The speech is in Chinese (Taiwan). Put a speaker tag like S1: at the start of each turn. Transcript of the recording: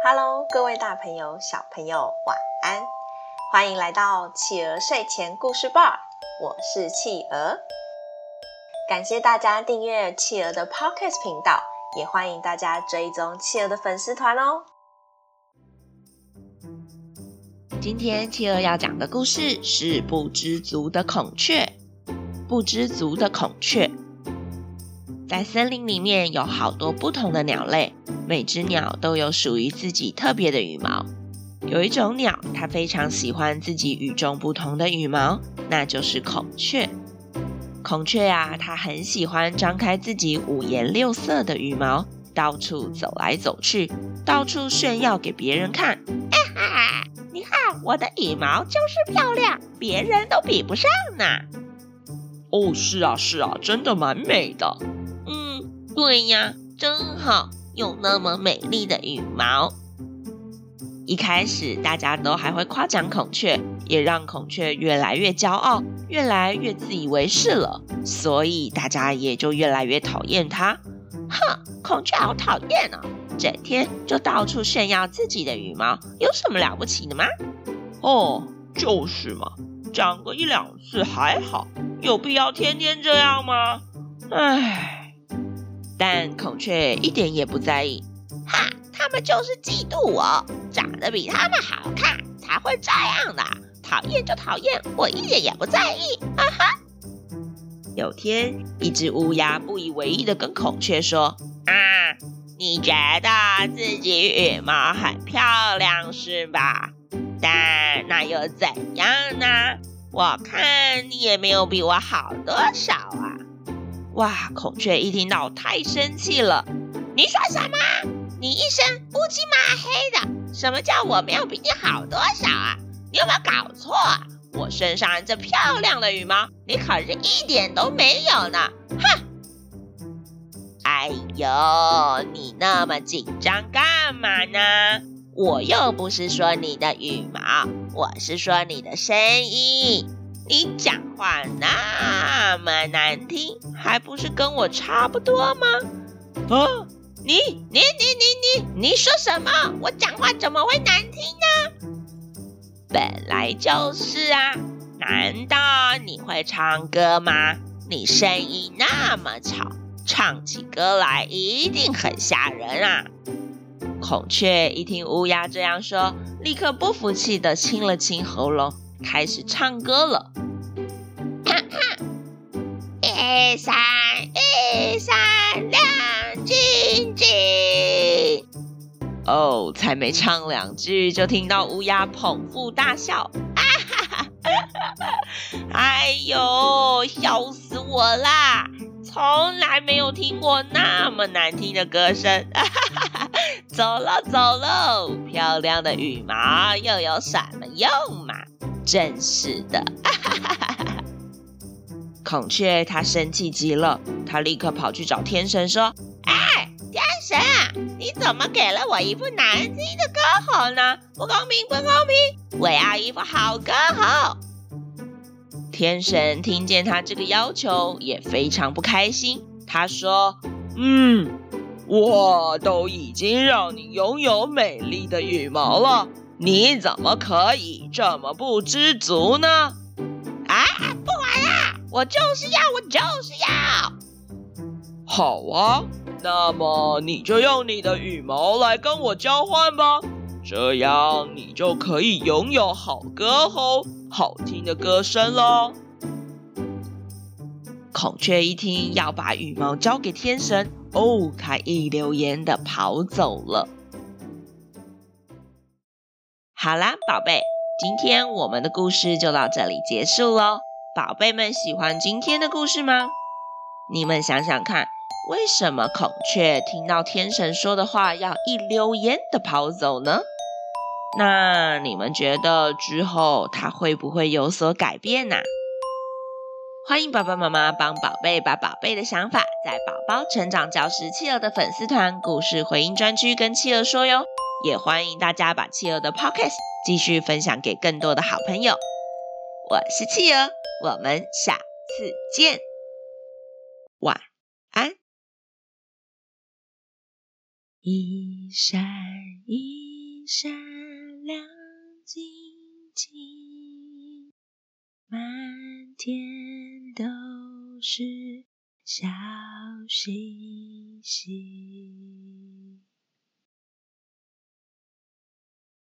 S1: Hello，各位大朋友、小朋友，晚安！歡迎來到企鵝睡前故事吧，我是企鵝。感謝大家訂閱企鵝的 Podcast 頻道，也歡迎大家追蹤企鵝的粉絲團哦。今天企鵝要講的故事是不知足的孔雀《不知足的孔雀》。不知足的孔雀。在森林裡面有好多不同的鳥類，每隻鳥都有屬於自己特別的羽毛。有一種鳥，它非常喜歡自己與眾不同的羽毛，那就是孔雀。孔雀啊，它很喜歡張開自己五顏六色的羽毛，到處走來走去，到處炫耀給別人看。哎哈哈，你看我的羽毛就是漂亮，別人都比不上呢。哦，是啊，是啊，真的蠻美的。對呀，真好，有那麼美麗的羽毛。一開始大家都還會誇獎孔雀，也讓孔雀越來越驕傲，越來越自以為是了。所以大家也就越來越討厭它。哼，孔雀好討厭啊、哦！整天就到處炫耀自己的羽毛，有什麼了不起的嗎？哦，就是嘛，講個一兩次還好，有必要天天這樣嗎？唉。但孔雀一點也不在意，哈，他們就是嫉妒我長得比他們好看，才會這樣的。討厭就討厭，我一點也不在意，哈哈。有天，一隻烏鴉不以為意地跟孔雀說：“啊，你覺得自己羽毛很漂亮是吧？但那又怎樣呢？我看你也沒有比我好多少啊。”哇！孔雀一聽到太生氣了。你說什麼？你一身烏漆嘛黑的，什麼叫我沒有比你好多少啊？你有沒有搞錯？我身上這漂亮的羽毛，你可是一點都沒有呢！哼！哎呦，你那麼緊張幹嘛呢？我又不是說你的羽毛，我是說你的聲音。你講話那麼難聽，還不是跟我差不多嗎？啊！你你你你你你說什麼？我講話怎麼會難聽呢？本來就是啊！難道你會唱歌嗎？你聲音那麼吵，唱起歌來一定很嚇人啊！孔雀一聽烏鴉這樣說，立刻不服氣地清了清喉嚨。開始唱歌了，哈哈， 一閃一閃亮晶晶。哦，清清 oh, 才沒唱兩句，就聽到烏鴉捧腹大笑，啊哈哈，哎呦，笑死我啦！從來沒有聽過那麼難聽的歌聲，哈 哈，走嘍走嘍，漂亮的羽毛又有什麼用？真是的， 孔雀它生氣極了，它立刻跑去找天神說：“哎，天神啊，你怎麼給了我一副難聽的歌喉呢？不公平，不公平！我要一副好歌喉。”天神聽見他這個要求也非常不開心，他說：“嗯，我都已經讓你擁有美麗的羽毛了。”你怎麼可以這麼不知足呢？啊，不玩了！我就是要，我就是要！好啊，那麼你就用你的羽毛來跟我交換吧，這樣你就可以擁有好歌喉、好聽的歌聲了。孔雀一聽要把羽毛交給天神，哦，它一溜煙的跑走了。好啦，寶貝，今天我們的故事就到這裡結束嘍。寶貝們喜歡今天的故事嗎？你們想想看，為什麼孔雀聽到天神說的話要一溜煙的跑走呢？那你們覺得之後它會不會有所改變呢，啊？歡迎爸爸媽媽幫寶貝把寶貝的想法在寶寶成長教室企鵝的粉絲團故事回應專區跟企鵝說喲。也歡迎大家把企鵝的 Podcast 繼續分享給更多的好朋友。我是企鵝，我們下次見。晚安。一閃一閃亮晶晶，滿天都是小星星。